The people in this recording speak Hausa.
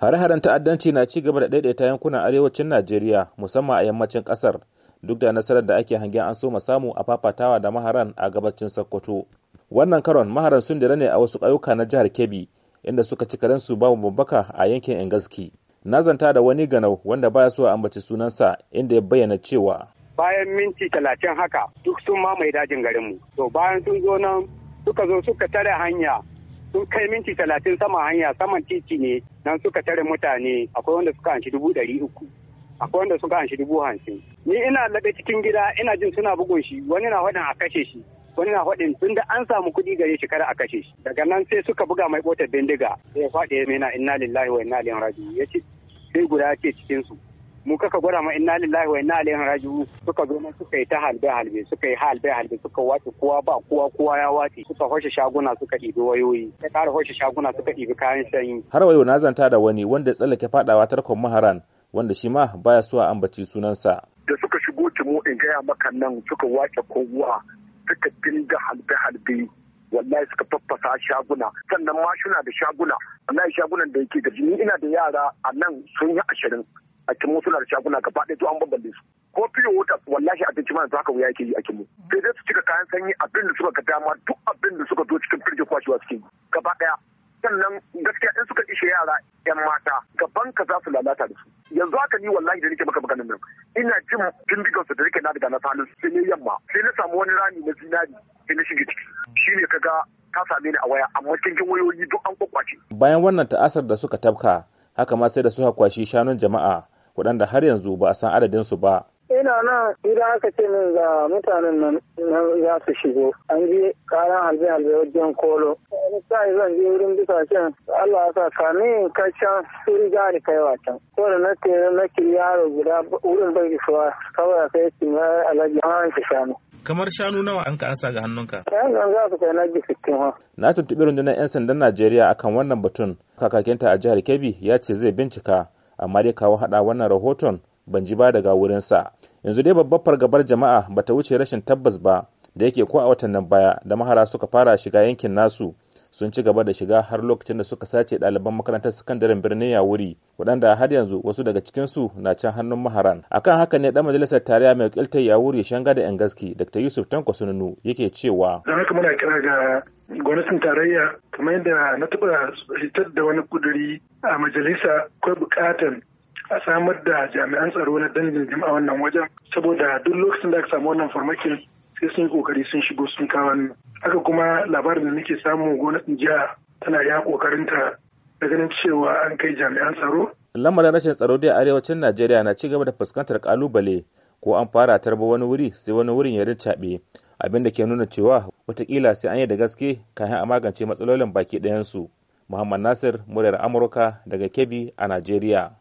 Hare-haren ta'addanci na ci gaba da daidaita yankunan arewacin Najeriya musamman a yammacin ƙasar duk da nasarar da ake hangen an so samu a fafatawa da maharan a gabacin Sokoto. Wannan karon maharan sun dira ne a wasu ƙauyuka na jihar Kebbi inda suka ci su babu babbaka a yankin Engaski. Na zanta da wani ganau wanda baya so a ambaci sunansa inda ya bayyana cewa. Bayan minti talatin haka duk sun mamaye dajin garinmu. To bayan sun zo nan suka zo suka tare hanya sun kai minti talatin sama hanya saman titi ne nan suka tare mutane akwai wanda suka anshi dubu ɗari uku akwai wanda suka anshi dubu hamsin ni ina laɓe cikin gida ina jin suna bugun shi wani na faɗin a kashe shi wani na faɗin tun da an samu kuɗi gare shi kada a kashe shi daga nan sai suka buga mai ɓotar bindiga sai ya faɗi ya mena inna lillahi wa inna ilaihi ya ce sai guda ce cikin su mu kaka gwada ma inna lillahi wa inna ilaihi raji'u suka zo nan suka yi ta halbe halbe suka yi halbe halbe suka wace kowa ba kowa kowa ya wace suka hoshe shaguna suka ɗibi wayoyi ta ƙara hoshe shaguna suka ɗibi kayan sanyi har wayo na zanta da wani wanda ya tsallake fadawa tarkon maharan wanda shi ma baya so a ambaci sunansa da suka shigo mu in gaya maka nan suka wace kowa suka dinga halbe halbe wallahi suka faffasa shaguna sannan ma mashina da shaguna wallahi shagunan da yake da jini ina da yara a nan sun yi ashirin a kimo suna da shaguna gaba ɗaya to an bambance su ko fiye wata wallahi abinci ma yanzu haka wuya yake yi a kimo sai dai su cika kayan sanyi abin da suka ga dama duk abin da suka zo cikin firje kwashewa suke gaba ɗaya sannan gaskiya in suka ishe yara yan mata gaban ka za su lalata da su yanzu haka ni wallahi da nake maka maganin nan ina jin bindigar su da nake na daga na salin sai ne yamma sai na samu wani rami na zinari sai na shige ciki Shi shine ga ta same ni a waya amma cikin wayoyi duk an kwakwace bayan wannan ta'asar da suka tafka haka ma sai da suka kwashi shanun jama'a waɗanda har yanzu ba a san adadinsu ba. ina nan idan aka ce min ga mutanen nan za su shigo an ji karan halbe halbe wajen kolo wani sa'i zan je wurin can, Allah ya sa kamin ka can su riga ni kai can. ko da na tere na yaro guda wurin bai isuwa kawai kai kimar alaji an wanke shanu kamar shanu nawa an ka ansa ga hannunka yan za su kai na ji sittin ha na tuntuɓi rundunar 'yan sandan Najeriya akan wannan batun kakakinta a jihar Kebbi ya ce zai bincika amma dai kawo haɗa wannan rahoton ban ji ba daga wurin sa yanzu dai babbar fargabar jama'a bata wuce rashin tabbas ba da yake ko a watan nan baya da mahara suka fara shiga yankin nasu sun ci gaba da shiga har lokacin da suka sace ɗaliban makarantar sakandaren birnin yawuri waɗanda har yanzu wasu daga cikinsu na can hannun maharan akan haka ne ɗan majalisar tarayya mai wakiltar yawuri shanga da yan gaski dr yusuf tanko sununu yake cewa don haka muna kira ga gwamnatin tarayya kamar yadda na taɓa fitar da wani kuduri a majalisa akwai buƙatar a samar da jami'an tsaro na dandalin jama'a wannan wajen saboda duk lokacin da aka samu wannan farmakin sai sun kokari sun shigo sun kawo ni haka kuma labarin da nake samu gwamnatin jiha tana ya kokarinta da ganin cewa an kai jami'an tsaro lamarin rashin tsaro dai arewacin najeriya na ci gaba da fuskantar kalubale ko an fara tarba wani wuri sai wani wurin ya rincaɓe abin da ke nuna cewa watakila sai an yi da gaske kafin a magance matsalolin baki ɗayansu muhammad nasir muryar amurka daga kebbi a najeriya